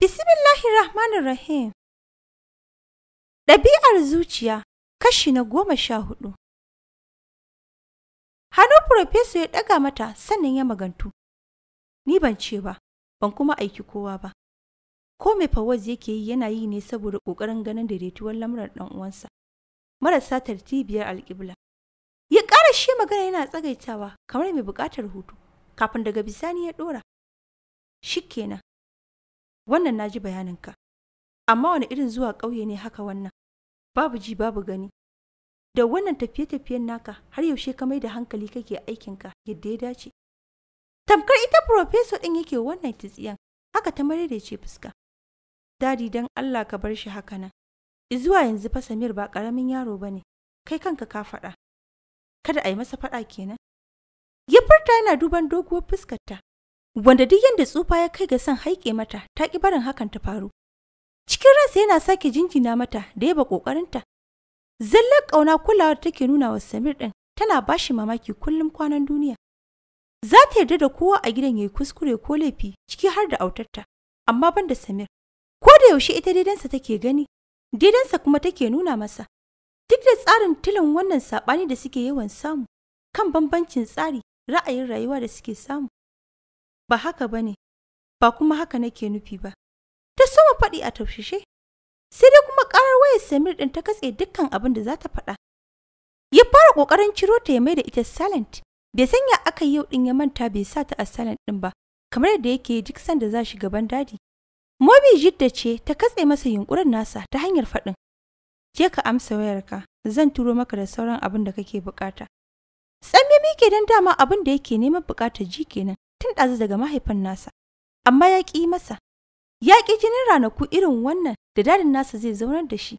Bismillahirrahmanirrahim. Ɗabi'ar zuciya kashi na goma sha hudu. Hannu Profeso ya ɗaga mata sannan ya magantu. Ni ban ce ba, ban kuma aiki kowa ba. Ko mai fawaz yake yi yana yi ne saboda ƙoƙarin ganin daidaituwar lamuran ɗan uwansa. Marasa tartibiyar alƙibla. Ya ƙara shi magana yana tsagaitawa kamar mai buƙatar hutu, kafin daga bisani ya ɗora. Shikenan. wannan na ji bayaninka amma wani irin zuwa ƙauye ne haka wannan babu ji babu gani da wannan tafiye-tafiyen naka har yaushe ka mai da hankali kake aikinka yadda ya dace tamkar ita profeso ɗin yake wannan tsiyan haka ta ce fuska dadi don allah ka bar shi haka nan zuwa yanzu fa samir ba ƙaramin yaro ba ne kai kanka ka faɗa kada a yi masa faɗa kenan ya furta yana duban doguwar fuskarta wanda duk yadda tsufa ya kai ga san haike mata ta ƙi barin hakan ta faru. Cikin ransa yana sake jinjina mata da yaba ƙoƙarinta. Zallar ƙauna kulawar da take nuna wa Samir ɗin tana ba shi mamaki kullum kwanan duniya. Za ta yarda da kowa a gidan ya yi kuskure ko laifi ciki har da autarta, amma ban da Samir. Ko da yaushe ita daidansa take gani, daidansa kuma take nuna masa. Duk da tsarin tilin wannan saɓani da suke yawan samu, kan bambancin tsari ra'ayin rayuwa da suke samu. ba haka ba ne, ba kuma haka nake nufi ba. Ta soma faɗi a taushishe, sai dai kuma ƙarar wayar Samir ɗin ta katse dukkan abin da za ta faɗa. Ya fara ƙoƙarin ciro ta ya mai da ita silent, bai sanya aka yau ɗin ya manta bai sa ta a silent ɗin ba, kamar yadda yake duk sanda za shi gaban dadi. Mobi Jidda ce ta katse masa yunkurin nasa ta hanyar faɗin. Je ka amsa wayarka, zan turo maka da sauran abin da kake bukata. Tsamme ke don dama abin da yake neman bukatar ji kenan. tun ɗazu daga mahaifin nasa, amma ya ƙi masa. Ya ƙi jinin ranaku irin wannan da dadin nasa zai zaunar da shi,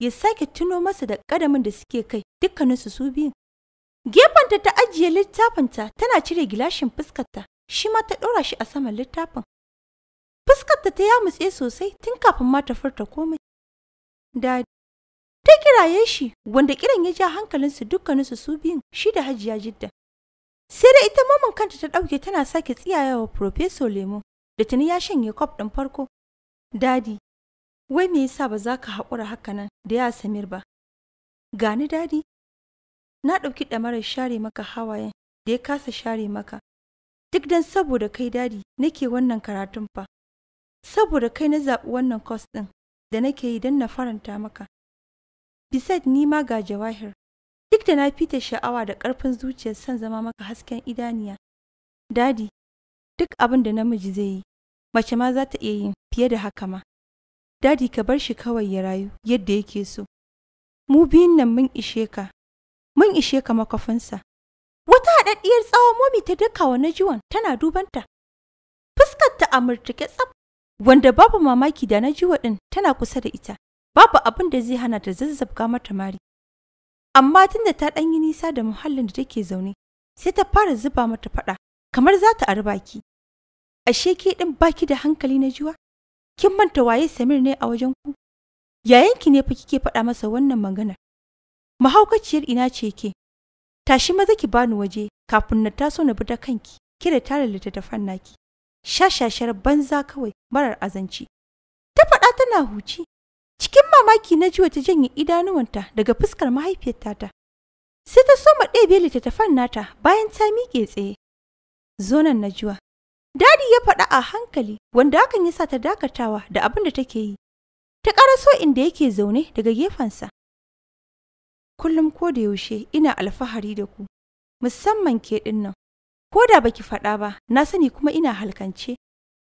ya sake tuno masa da ƙadamin da suke kai dukkaninsu su biyun. Gefenta ta ajiye littafinta tana cire gilashin fuskarta, shi ma ta ɗora shi a saman littafin. Fuskarta ta ya mutse sosai tun kafin ma ta furta komai. Dadi, ta kiraye shi wanda kiran ya ja hankalinsu dukkaninsu su biyun shi da hajiya jidda. Sai da ita maman kanta ta ɗauke tana sake wa Profeso Lemo da tuni ya shanye kwaf ɗin farko. Dadi, wai me yasa ba za ka haƙura haka nan da ya Samir ba? Gani dadi, na ɗauki ɗamarar share maka hawayen da ya kasa share maka. Duk dan saboda kai dadi nake wannan karatun fa. Saboda kai na zaɓi wannan kwas ɗin da nake yi don na faranta maka. Bisad ni ma ga jawahir Duk da na fita sha'awa da ƙarfin zuciyar son zama maka hasken idaniya. Dadi, duk abin da namiji zai yi, mace ma za ta iya yin fiye da haka ma. Dadi ka bar shi kawai ya rayu yadda yake so. Mu biyun nan mun ishe ka, mun ishe ka makwafinsa. Wata haɗaɗɗiyar tsawon momi ta daka wa jiwon tana dubanta. fuskar ta amurtake tsaf, wanda babu mamaki da na Najuwa ɗin tana kusa da ita. Babu abin da zai hana ta zazzabga mata mari. amma tun da ta ɗan yi nisa da muhallin da take zaune sai ta fara zuba mata faɗa kamar za ta ari ki. ashe ke ɗin baki da hankali na jiwa? kin manta waye samir ne a wajen ku yayanki ne fa kike faɗa masa wannan maganar mahaukaciyar ina ce ke tashi maza ki bani waje kafin na taso na bi ta kanki ki da lalata littattafan naki shashashar banza kawai marar azanci ta faɗa tana huci Cikin mamaki na jiwa ta janye idanuwanta daga fuskar mahaifiyarta ta. Sai ta soma ɗebe littattafan nata bayan ta miƙe tsaye. Zonan na jiwa. Dadi ya faɗa a hankali wanda hakan ya sa ta dakatawa da abin da take yi. Ta ƙaraso inda yake zaune daga gefensa. Kullum ko da yaushe ina alfahari da ku, musamman ke ɗin nan. Ko da baki faɗa ba, na sani kuma ina halkance,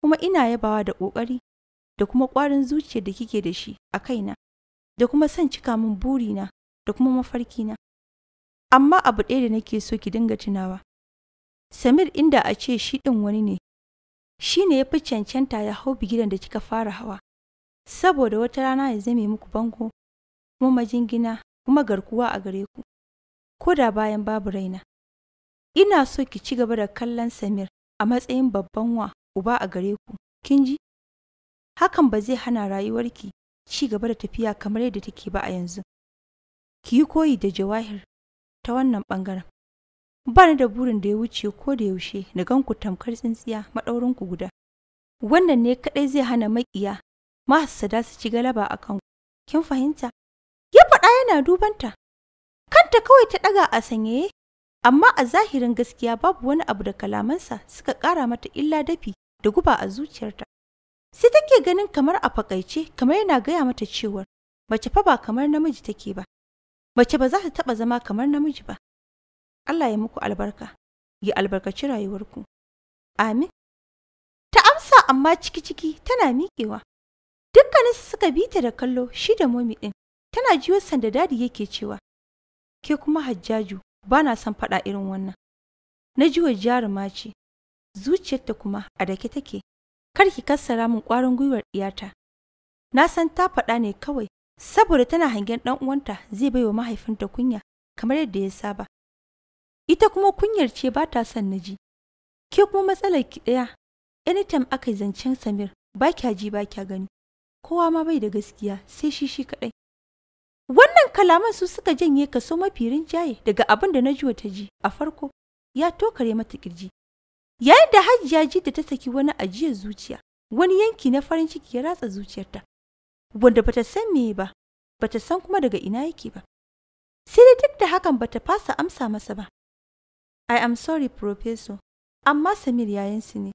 kuma ina yabawa da ƙoƙari da kuma ƙwarin zuciyar da kike da shi a kaina da kuma son cika min burina da kuma mafarkina. Amma abu ɗaya da nake so ki dinga tunawa. Samir inda a ce shi ɗin wani ne, shi ne ya fi cancanta ya hau bigidan da kika fara hawa, saboda wata rana ya zame muku bango, kuma majingina, kuma garkuwa a gare ku, ko da bayan babu raina. Ina so ki ci gaba da kallon Samir a matsayin babban wa uba a gare ku, kin ji? hakan ba zai hana rayuwarki ci gaba da tafiya kamar yadda take ba a yanzu. Ki yi koyi da jawahir ta wannan ɓangaren. Ba ni da burin da ya wuce ko da yaushe na ganku tamkar tsintsiya ku guda. Wannan ne kaɗai zai hana maƙiya mahassada su ci galaba a kan Kin fahimta? Ya faɗa yana dubanta. Kanta kawai ta ɗaga a sanyaye, amma a zahirin gaskiya babu wani abu da kalamansa suka ƙara mata illa dafi da guba a zuciyarta. sai take ganin kamar a fakaice kamar yana gaya mata cewa mace fa ba kamar namiji take ba mace ba za ta taba zama kamar namiji ba Allah ya muku albarka ya albarkaci rayuwarku amin ta amsa amma ciki ciki tana miƙewa dukkaninsu suka bi ta da kallo shi da momi din tana jiyo sanda dadi yake cewa ke kuma hajjaju Bana son faɗa irin wannan na jiwa jaruma zuciyarta kuma a dake take kar ki kassara min ƙwarin gwiwar ɗiyata. Na san ta faɗa ne kawai, saboda tana hangen ɗan uwanta zai baiwa mahaifinta kunya kamar yadda ya saba. Ita kuma kunyar ce ba ta son na ji. Ke kuma matsalar ki ɗaya, anytime aka yi zancen Samir ba kya ji ba kya gani. Kowa ma bai da gaskiya sai shi shi kaɗai. Wannan kalaman su suka janye kaso mafi rinjaye daga abin da Najwa ta ji a farko ya tokare mata kirji Yayin da Hajiya da ta saki wani ajiyar zuciya, wani yanki na farin ciki ya ratsa zuciyarta, wanda bata san me ba, bata san kuma daga ina yake ba. Sai dai duk da hakan bata fasa amsa masa ba. I am sorry, Professor, amma Samir yayansu ne,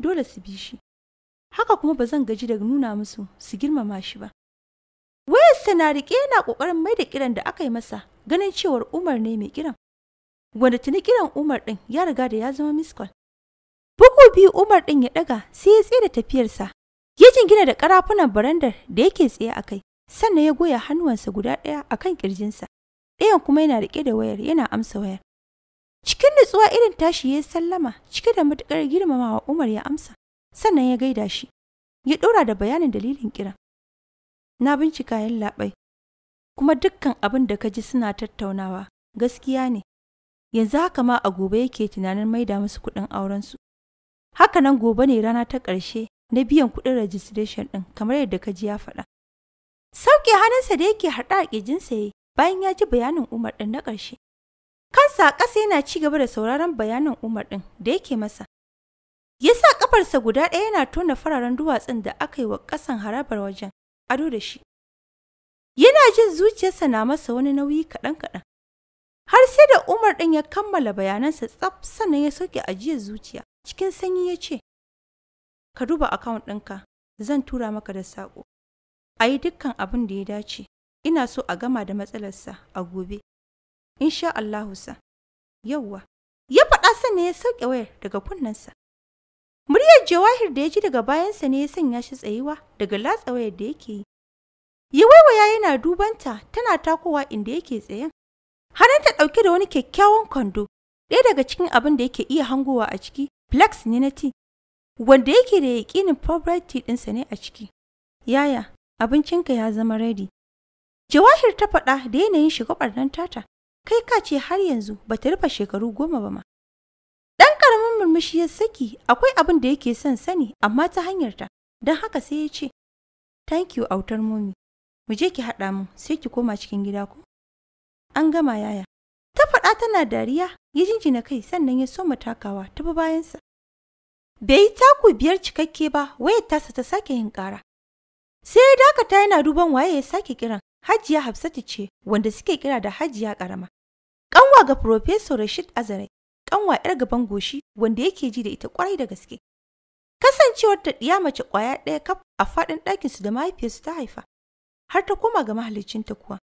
dole su bi shi. Haka kuma ba zan gaji daga nuna musu su girmama shi ba. Wayarsa na riƙe yana ƙoƙarin mai da kiran da aka yi masa ganin cewar Umar ne mai kiran. Wanda tuni kiran Umar ɗin ya riga da ya zama miss Bugu biyu Umar ɗin ya ɗaga sai ya tsira tafiyarsa. Ya jingina da ƙarafunan barandar da yake tsaye a kai, sannan ya goya hannuwansa guda ɗaya a kan ƙirjinsa. Ɗayan kuma yana riƙe da wayar yana amsa wayar. Cikin nutsuwa irin tashi ya sallama, cike da matuƙar girmamawa Umar ya amsa, sannan ya gaida shi. Ya ɗora da bayanin dalilin kira Na bincika yin labai, kuma dukkan abin da ka ji suna tattaunawa gaskiya ne. Yanzu haka ma a gobe yake tunanin maida musu kuɗin aurensu. Haka nan gobe ne rana ta ƙarshe na biyan kuɗin registration ɗin kamar yadda ka ji ya faɗa. Sauke hannunsa da yake haɗa a ƙirjinsa ya bayan ya ji bayanin Umar ɗin na ƙarshe. Kansa a ƙasa yana ci gaba da sauraron bayanin Umar ɗin da yake masa. Ya sa ƙafarsa guda ɗaya yana tona fararen duwatsun da aka yi wa ƙasan harabar wajen ado da shi. Yana jin zuciyarsa na masa wani nauyi kaɗan-kaɗan. Har sai da Umar ɗin ya kammala bayanansa tsaf sannan ya soke ajiyar zuciya. cikin sanyi ya ce, Ka duba akawun ɗinka, zan tura maka da saƙo. A yi dukkan abin da ya dace, ina so a gama da matsalarsa a gobe. Insha Allahu sa, yauwa, ya faɗa sannan ya sauke wayar daga kunnensa. Muryar jawahir da ya ji daga bayansa ne ya sanya shi tsayuwa daga latsa wayar da yake yi. Ya waiwaya yana dubanta tana takowa inda yake tsayen. Hannunta ɗauke da wani kyakkyawan kwando, ɗaya daga cikin abin da yake iya hangowa a ciki plex ne na ti wanda yake da yaƙinin poverty ɗinsa ne a ciki. Yaya, abincinka ya zama ready. Jawahir ta faɗa da yanayin shiga ɓarnan tata, kai ka ce har yanzu ba ta rufe shekaru goma ba ma. Ɗan ƙaramin murmushi ya saki akwai abin da yake son sani amma ta hanyarta, don haka sai ya ce, Thank you autar momi, mu je ki haɗa mu sai ki koma cikin gida ku. An gama yaya, Ta faɗa tana dariya, ya jinjina kai sannan ya soma takawa ta bi bayansa. Bai yi taku biyar cikakke ba, wayar tasa ta sake yin ƙara. Sai ya dakata yana duban waye ya sake kiran, Hajiya Hafsatu ce wanda suke kira da Hajiya Karama. Kanwa ga Profesor Rashid Azare, kanwa 'yar gaban goshi wanda yake ji da ita kwarai da gaske. Kasancewar ta ɗiya mace kwaya ɗaya kaf a faɗin ɗakinsu da mahaifiyarsu ta haifa, har ta koma ga mahaliccinta kuwa.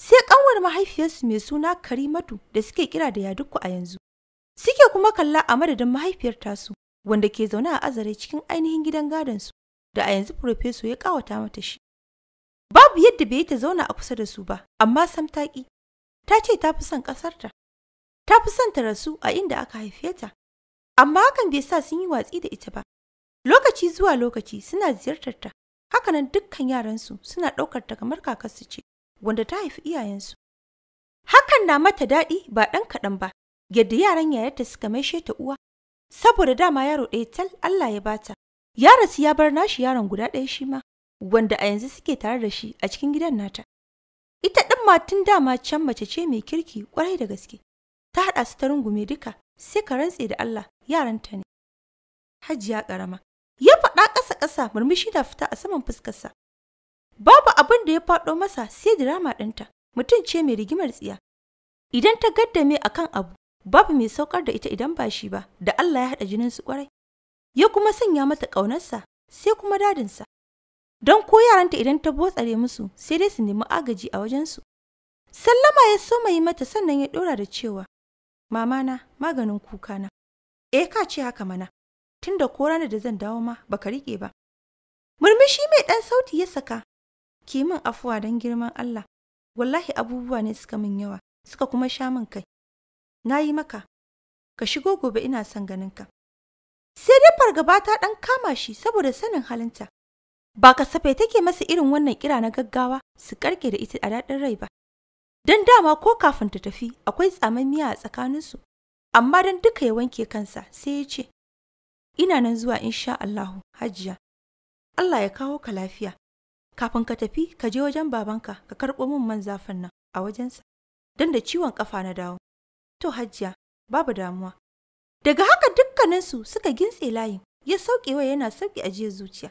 Sai ƙanwar mahaifiyarsu mai suna Karimatu da suke kira da Yadukku a yanzu. Suke kuma kalla a madadin mahaifiyar tasu wanda ke zaune a azare cikin ainihin gidan gadon su, da a yanzu Profeso ya ƙawata mata shi. Babu yadda bai ta zauna a kusa da su ba, amma sam ta ƙi. Ta ce ta fi son ƙasarta. Ta fi son ta rasu a inda aka haife ta. Amma hakan bai sa sun yi watsi da ita ba. Lokaci zuwa lokaci suna ziyartar ta. Hakanan dukkan yaransu suna ɗaukar ta kamar kakarsu ce. wanda ta haifi iyayensu. Hakan na mata daɗi ba ɗan kaɗan ba, yadda yaran yayarta suka maishe ta uwa, saboda dama yaro ɗaya tal Allah ya bata. Yaransu ya bar nashi yaron guda ɗaya shi ma, wanda a yanzu suke tare da shi a cikin gidan nata. Ita ɗan matun dama can mace ce mai kirki ƙwarai da gaske, ta haɗa su ta rungume duka sai ka rantse da Allah yaranta ne. Hajiya ƙarama, ya faɗa ƙasa-ƙasa murmushi na fita a saman fuskarsa. Babu abin da ya faɗo masa sai dirama ɗinta, mutum ce mai rigimar tsiya. Idan ta gaddame a kan abu, babu mai saukar da ita idan ba shi ba, da Allah ya haɗa jinin su kwarai. Ya kuma sanya mata ƙaunarsa, sai kuma dadinsa. Don ko yaranta idan ta botsare musu, sai dai su nemi agaji a wajensu. Sallama ya so yi mata sannan ya ɗora da cewa, Mamana, maganin kuka na. E eh, ka ce haka mana, tunda ko ranar da zan dawo ma baka riƙe ba. Murmushi mai ɗan sauti ya saka ki min afuwa don girman Allah. Wallahi abubuwa ne suka min yawa, suka kuma sha min kai. Na yi maka, ka shigo gobe ina son ganinka. Sai dai fargaba ta ɗan kama shi saboda sanin halinta. Ba ka safe take masa irin wannan kira na gaggawa su karke da ita a daɗin rai ba. Don dama ko kafin ta tafi akwai tsamammiya a tsakaninsu, amma don duka ya wanke kansa sai ya ce, Ina nan zuwa insha Allahu, hajiya. Allah ya kawo ka lafiya. kafin ka tafi ka je wajen babanka ka karɓo min man zafin nan a wajensa don da ciwon ƙafa na dawo to hajiya babu damuwa daga haka dukkaninsu suka gintse layin ya sauƙewa yana sauƙi ajiyar zuciya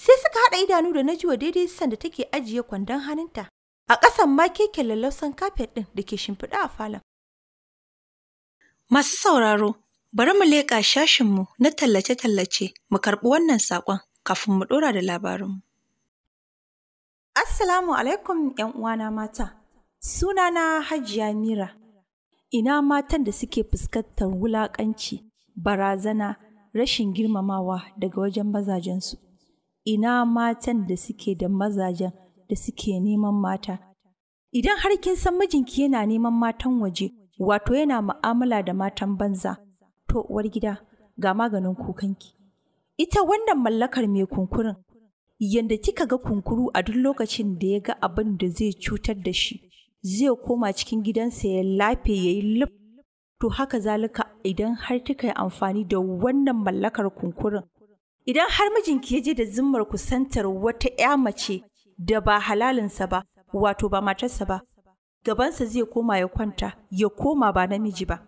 sai suka haɗa idanu da wa daidai sanda take ajiye kwandon hannunta a ƙasan ma keke lallausan kafet ɗin da ke shimfiɗa a falon. Masu sauraro, bari mu leƙa shashinmu na tallace-tallace mu karɓi wannan saƙon kafin mu ɗora da labarinmu. Assalamu alaikum ‘yan uwana mata, sunana Hajiya Mira, ina matan da suke fuskantar wulakanci barazana, rashin girmamawa daga wajen mazajensu, ina matan da suke da mazajen da suke neman mata. Idan har kin san mijinki yana neman matan waje, wato yana ma'amala da matan banza, to uwar gida ga maganin kukanki. Ita wannan mallakar mai kunkurin yanda kika ga kunkuru a duk lokacin da ya ga abin da zai cutar da shi zai koma cikin gidansa ya lafe ya yi lif to haka zalika idan har kika yi amfani da wannan mallakar kunkurin idan har mijinki ya je da zimmar kusantar wata ya mace da ba halalinsa ba wato ba matarsa ba gabansa zai koma ya kwanta ya koma ba namiji ba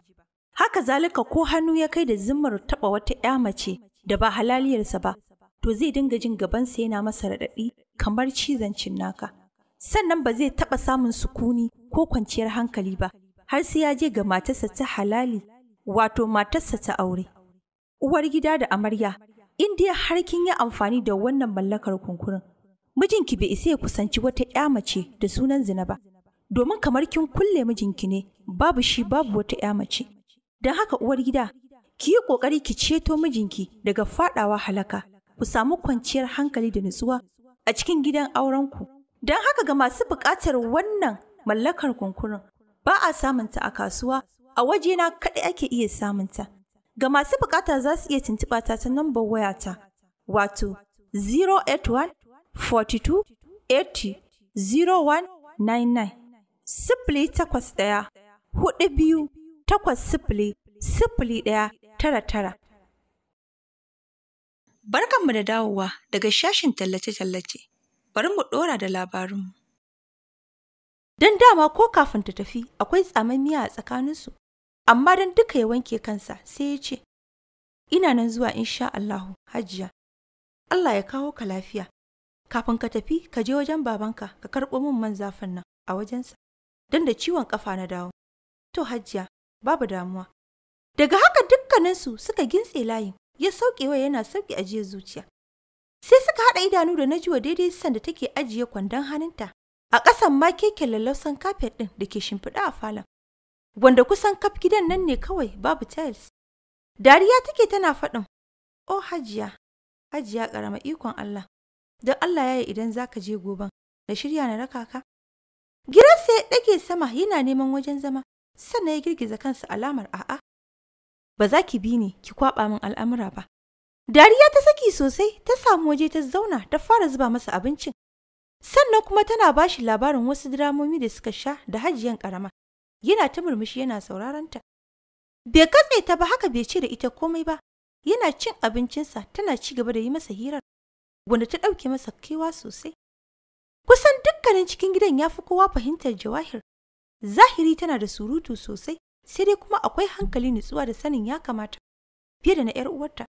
haka zalika ko hannu ya kai da zimmar taba wata ya mace da ba halaliyarsa ba to zai dinga jin gabansa yana masa raɗaɗi kamar cizon naka. Sannan ba zai taɓa samun sukuni ko kwanciyar hankali ba, har sai ya je ga matarsa ta halali, wato matarsa ta aure. Uwar gida da amarya, in dai har kin yi amfani da wannan mallakar kunkurin, mijinki bai isa ya kusanci wata ƴa mace da sunan zina ba, domin kamar kin kulle mijinki ne babu shi babu wata ƴa mace. Don haka uwar gida, ki yi ƙoƙari ki ceto mijinki daga faɗawa halaka ku samu kwanciyar hankali da nutsuwa a cikin gidan aurenku. Don haka ga masu buƙatar wannan mallakar kunkurin ba a samunta a kasuwa a wajena kaɗai ake iya samunta. Ga masu buƙata za su iya tuntuɓa ta ta nambar wayata wato 081 42 80 0199 sifili takwas ɗaya hudu biyu takwas sifili sifili ɗaya tara tara. Barkanmu da dawowa daga shashin tallace-tallace. Bari mu ɗora da labarin. Don dama ko kafin ta tafi akwai tsamammiya a tsakaninsu, amma don duka ya wanke kansa sai ya ce, Ina nan zuwa insha Allahu, hajiya. Allah ya kawo ka lafiya. Kafin ka tafi, ka je wajen babanka ka karɓo min man zafin nan a wajensa, don da ciwon ƙafa na dawo. To hajiya, babu damuwa. Daga haka dukkaninsu suka gintse layin ya saukewa yana sauke ajiyar zuciya. Sai suka haɗa idanu da wa daidai sanda take ajiye kwandon hannunta a ƙasan ma keke lallausan kafet ɗin da ke shimfiɗa a falon. Wanda kusan kaf gidan nan ne kawai babu tiles. Dariya take tana faɗin, "O hajiya, hajiya ƙarama ikon Allah, don Allah ya yi idan za ka je goben, na shirya na raka ka." Gidansa ya ɗage sama yana neman wajen zama, sannan ya girgiza kansa alamar a'a. ba za ki bi ni ki kwaɓa min al'amura ba. Dariya ta saki sosai ta samu waje ta zauna ta fara zuba masa abincin. Sannan kuma tana ba shi labarin wasu diramomi da suka sha da hajiyan ƙarama. Yana ta murmushi yana sauraron ta. Bai katse ta ba haka bai ce da ita komai ba. Yana cin abincinsa tana ci gaba da yi masa hirar. Wanda ta ɗauke masa kewa sosai. Kusan dukkanin cikin gidan ya fi kowa fahimtar jawahir. Zahiri tana da surutu sosai, sai dai kuma akwai hankali nutsuwa da sanin ya kamata fiye da na 'yar uwarta.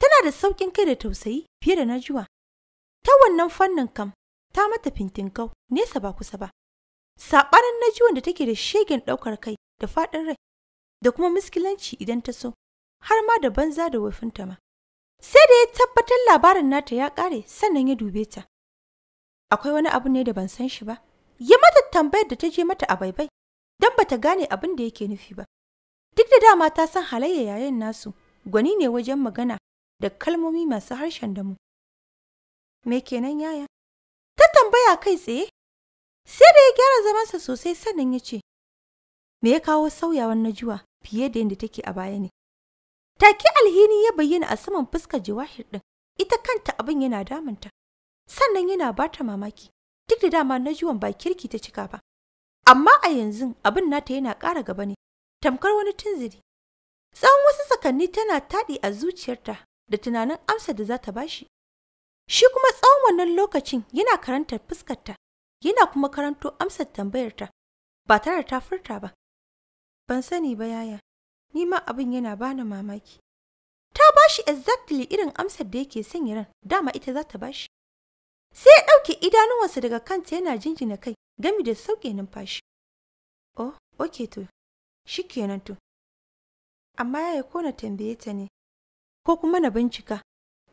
Tana da sauƙin kai da tausayi fiye da na juwa. Ta wannan fannin kam, ta mata fintinkau nesa ba kusa ba. Saɓanin na juwan da take da shegen ɗaukar kai da faɗin rai, da kuma miskilanci idan ta so, har ma da banza da wafinta ma. Sai da ya tabbatar labarin nata ya ƙare sannan ya dube ta. Akwai wani abu ne da ban san shi ba, ya mata tambayar da ta je mata a baibai, don bata gane abin da yake nufi ba. Duk da dama ta san halayya yayan nasu, gwani ne wajen magana da kalmomi masu harshen damu. Me kenan yaya? Ta tambaya kai tsaye, sai da ya gyara zamansa sosai sannan ya ce, Me ya kawo sauyawan najuwa fiye da yadda take a baya ne? Take alhini ya bayyana a saman fuskar jawahir ɗin, ita kanta abin yana damunta, sannan yana bata mamaki, duk da dama najuwan ba kirki ta cika ba. amma a yanzu abin nata yana ƙara gaba ne tamkar wani tunziri tsawon wasu sakanni tana taɗi a zuciyarta da tunanin amsa da za ta bashi shi kuma tsawon wannan lokacin yana karantar fuskarta yana kuma karanto amsar tambayarta ba tare ta furta ba ban sani ba yaya ni ma abin yana bani mamaki ta bashi exactly irin amsar da yake son ran dama ita za ta bashi sai ya ɗauke idanuwansa daga kanta yana jinjina kai gami da sauke numfashi. Oh, ok to, shi kenan to. Amma ya ko na tambaye ta ne, ko kuma na bincika.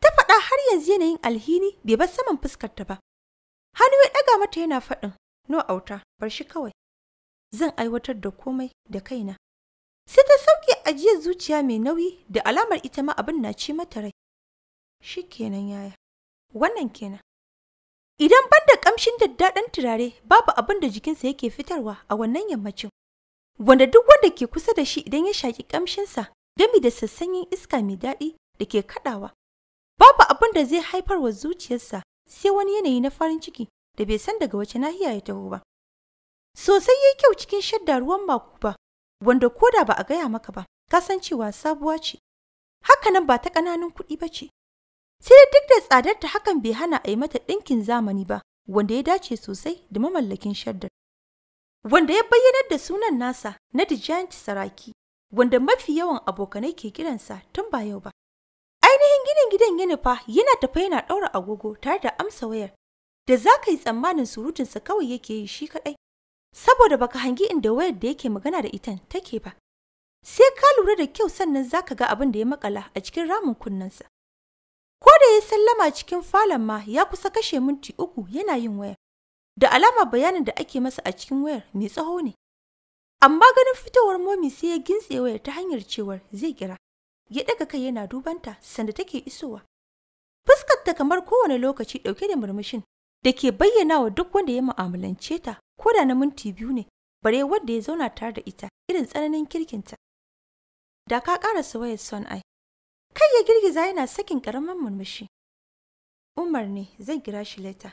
Ta faɗa har yanzu yanayin alhini bai bar saman fuskarta ba. Hannu ya ɗaga mata yana faɗin, no auta, bar shi kawai. Zan aiwatar da komai da kaina. Sai ta sauke ajiyar zuciya mai nauyi da alamar ita ma abin na ci mata rai. Shi kenan yaya, wannan kenan. Idan ban da ƙamshin daddaɗan turare babu abin da jikinsa yake fitarwa a wannan yammacin. Wanda duk wanda ke kusa da shi idan ya shaƙi sa gami da sassanyin iska mai daɗi da ke kaɗawa. Babu abin da zai haifar wa zuciyarsa sai wani yanayi na farin ciki da bai san daga wace nahiya ya taho ba. Sosai ya yi kyau cikin shadda ruwan ba, wanda koda ba a gaya maka ba, kasancewa sabuwa ce. Hakanan ba ta ƙananan kuɗi ba ce, Sai duk da tsadar ta hakan bai hana a yi mata ɗinkin zamani ba, wanda ya dace sosai da mamallakin shaddar. Wanda ya bayyanar da sunan nasa na Giant Saraki, wanda mafi yawan abokanai ke kiransa tun ba yau ba. Ainihin ginin gidan ya nufa yana tafa yana ɗaura agogo tare da amsa wayar, da za ka yi tsammanin surutunsa kawai yake yi shi kaɗai. Saboda baka hangi inda wayar da yake magana da itan take ba. Sai ka lura da kyau sannan za ka ga abin da ya makala a cikin ramin kunnensa. Ko da ya sallama cikin falon ma ya kusa kashe minti uku yana yin wayar. Da alama bayanin da ake masa a cikin wayar mai tsaho ne. Amma ganin fitowar momi sai ya gintse wayar ta hanyar cewar zai kira. Ya daga kai yana dubanta sanda take isowa. Fuskar ta kamar kowane lokaci ɗauke da murmushin da ke bayyana wa duk wanda ya mu'amalance ta ko da na minti biyu ne bare wanda ya zauna tare da ita irin tsananin kirkinta. Da ka ƙara wayar son ai. Kai ya girgiza yana sakin ƙaramin murmushi. Umar ne zan kira shi leta.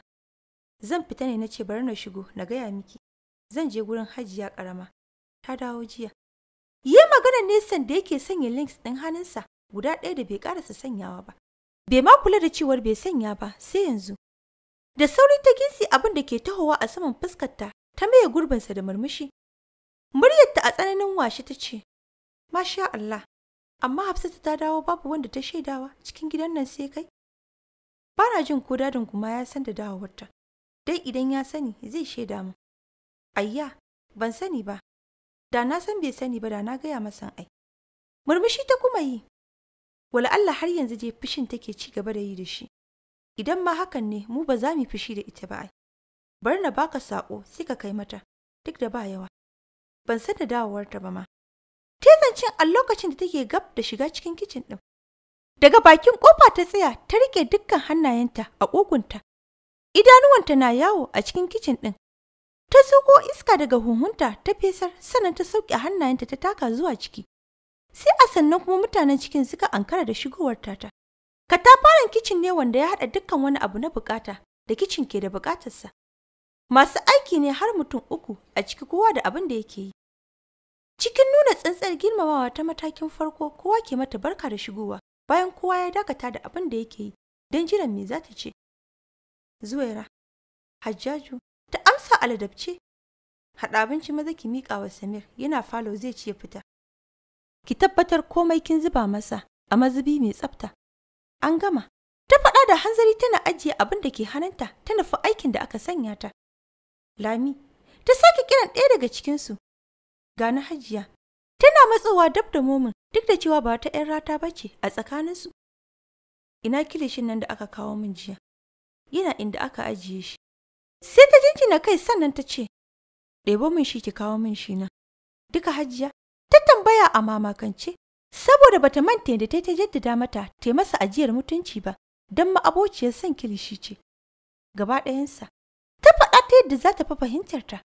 Zan fita ne na ce bari na shigo na gaya miki. Zan je gurin hajiya karama Ta dawo jiya. Yi magana nesan da yake sanya links ɗin hannunsa guda ɗaya da bai ƙarasa sanyawa ba. Bai ma kula da cewar bai sanya ba sai yanzu. Da sauri ta gisi abin da ke tahowa a saman fuskarta ta maye gurbinsa da murmushi. Muryarta a tsananin washe ta ce, Masha Allah, amma Hafsatu ta dawo babu wanda ta shaidawa cikin gidan nan sai kai. Ba na jin ko dadin kuma ya san da dawowarta, dai idan ya sani zai shaida mu. Ayya, ban sani ba, da na san bai sani ba da na gaya masa ai. Murmushi ta kuma yi, wala Allah har yanzu je fushin take ci gaba da yi da shi. Idan ma hakan ne mu ba za mu fushi da ita ba ai. Bar na baka saƙo sai ka kai mata, duk da ba yawa. Ban san da dawowarta ba ma. tezancin a lokacin da take gab da shiga cikin kicin ɗin. Daga bakin kofa ta tsaya ta rike dukkan hannayenta a ƙugunta. Idanuwanta na yawo a cikin kicin ɗin. Ta zuko iska daga huhunta ta fesar sannan ta sauke hannayenta ta taka zuwa ciki. Sai a sannan kuma mutanen cikin suka ankara da shigowar tata. Katafaren kicin ne wanda ya haɗa dukkan wani abu na bukata da kicin ke da bukatarsa. Masu aiki ne har mutum uku a ciki kowa da abin da yake yi. Cikin nuna tsantsar girmamawa ta matakin farko kowa ke mata barka da shigowa bayan kowa ya dakata da abin da yake yi don jiran me za ta ce. Zuwaira, Hajjaju, ta amsa aladabce. Haɗa abinci maza ki miƙa wa Samir yana falo zai ci ya fita. Ki tabbatar komai kin zuba masa a mazubi mai tsafta. An gama. Ta faɗa da hanzari tana ajiye abin da ke hannunta ta nufi aikin da aka sanya ta. Lami, ta sake kiran ɗaya daga cikinsu Gani hajiya. Tana matsowa dab da momin duk da cewa ba ta ‘yan rata ba ce a tsakaninsu. Ina kilishin nan da aka kawo min jiya. Yana inda aka ajiye shi. Sai ta na kai sannan ta ce, ɗebo min shi ki kawo min shi nan. Duka hajiya, ta tambaya a mamakance, saboda bata manta da ta ta jaddada mata ta masa ajiyar mutunci ba, don ma'abociyar son kilishi ce. Gaba ɗayansa, ta faɗa ta yadda za ta fi fahimtar ta,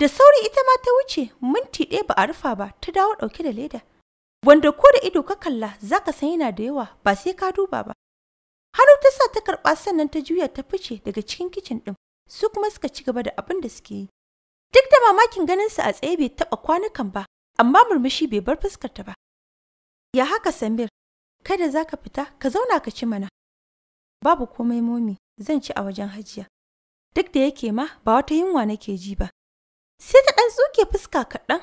Da sauri ita ma ta wuce minti ɗaya ba a rufa ba ta dawo ɗauke da leda. Wanda ko da ido ka kalla za ka san yana da yawa ba sai ka duba ba. Hannu ta sa ta karɓa sannan ta juya ta fice daga cikin kicin ɗin su kuma suka ci gaba da abin da suke yi. Duk da mamakin ganinsa a tsaye bai taɓa kwanukan ba amma murmushi bai bar fuskarta ba. Ya haka Samir, kada za ka fita ka zauna ka ci mana. Babu komai momi zan ci a wajen hajiya. Duk da yake ma ba wata yunwa nake ji ba. sai ta ɗan tsuke fuska kaɗan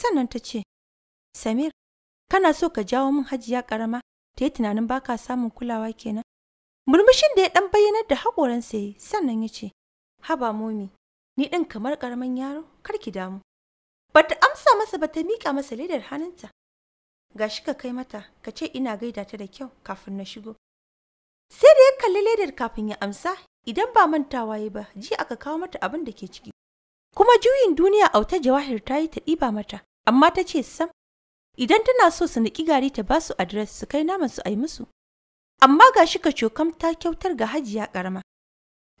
sannan ta ce samir kana so ka jawo min hajiya ƙarama ta yi tunanin ba ka samun kulawa kenan murmushin da ya ɗan bayyanar da haƙoransa ya yi sannan ya ce haba momi ni ɗin kamar ƙaramin yaro kar ki damu Bata amsa masa ba ta miƙa masa ledar hannunta ga shi ka kai mata ka ce ina gaida ta da kyau kafin na shigo sai da ya kalli ledar kafin ya amsa idan ba mantawa ya ba ji aka kawo mata abin da ke ciki Kuma juyin duniya auta jawahir ta yi ta ɗiba mata, amma ta ce sam, idan tana so su niƙi gari ta ba su adres su kai naman su ai musu. Amma ga shi ka cokam ta kyautar ga hajiya ƙarama,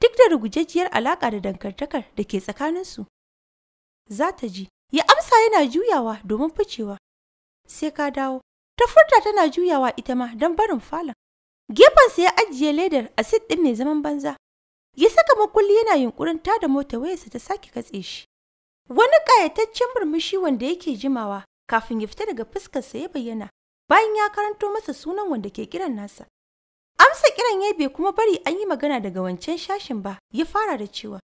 duk da rugujejiyar alaƙa da dankartakar da ke tsakaninsu. Za ta ji, ya amsa yana juyawa domin ficewa. Sai ka dawo, ta furta tana juyawa ita ma don barin falon. Gefensa ya ajiye ledar asid ɗin mai zaman banza, Ya saka makulli yana yunkurin tada mota wayarsa ta sake katse shi. Wani ƙayataccen murmushi wanda yake jimawa kafin ya fita daga fuskarsa ya bayyana bayan ya karanto masa sunan wanda ke kiran nasa. Amsa kiran ya bai kuma bari an yi magana daga wancan shashin ba ya fara da cewa,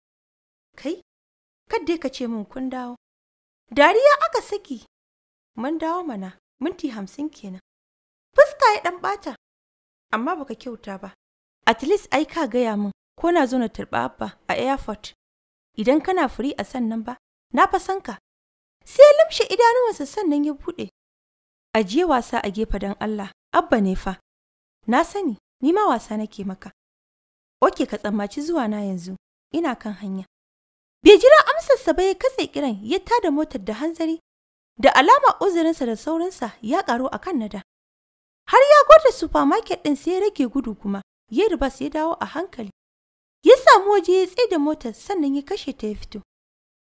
Kai, kadda ka ce min kun dawo. Dariya aka saki, mun dawo mana minti hamsin kenan. Fuska ya ɗan ɓata, amma baka kyauta ba. At least ai ka gaya min ko na zo na tarɓa abba a airport idan kana firi a sannan ba na san ka sai ya limshe idanuwansa sannan ya buɗe ajiye wasa a gefe dan Allah abba ne fa na sani ni ma wasa nake maka oke ka tsammaci zuwa na yanzu ina kan hanya bai jira amsarsa ba ya katse kiran ya tada motar da hanzari da alama uzurinsa da saurinsa ya karu a kan nada har ya gwada supermarket din sai ya rage gudu kuma ya sai ya dawo a hankali ya samu waje ya tsaye da motar sannan ya kashe ta ya fito.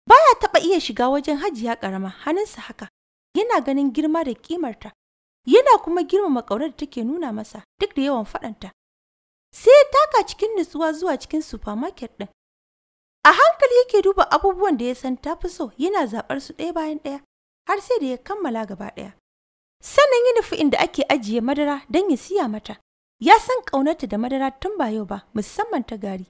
Baya taɓa iya shiga wajen hajiya ƙarama hannunsa haka, yana ganin girma da ƙimarta, yana kuma girmama ƙaunar da take nuna masa duk da yawan faɗanta. Sai ya taka cikin nutsuwa zuwa cikin supermarket ɗin. A hankali yake duba abubuwan da ya san tafi so yana zaɓar su ɗaya bayan ɗaya har sai da ya kammala gaba ɗaya. Sannan ya nufi inda ake ajiye madara don ya siya mata. Ya san ƙaunarta da madara tun ba yau ba musamman ta gari.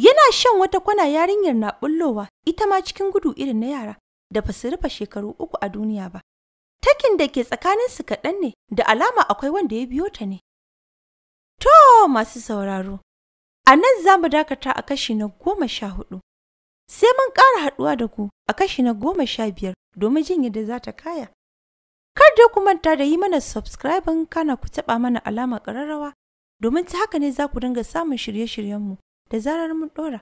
Yana shan wata kwana yarinyar na bullowa ita ma cikin gudu irin na yara da ba su rufe shekaru uku a duniya ba. Takin da ke tsakaninsu kaɗan ne da alama akwai wanda ya biyo ta ne. To masu sauraro, a nan za mu dakata a kashi na goma sha hudu. Sai mun ƙara haɗuwa da ku a kashi na goma sha biyar domin jin yadda za ta kaya. Kar da ku manta da yi mana subscribing kana ku taɓa mana alama ƙararrawa domin ta haka ne za ku dinga samun shirye-shiryenmu da zarar mun ɗora.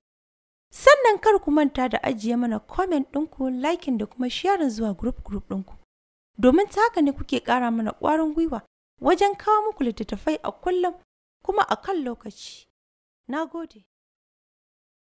Sannan kar ku manta da ajiye mana comment ɗinku, liking da kuma sharing zuwa group group ɗinku. Domin ta haka ne kuke ƙara mana ƙwarin gwiwa wajen kawo muku littattafai a kullum kuma a kan lokaci. Na gode.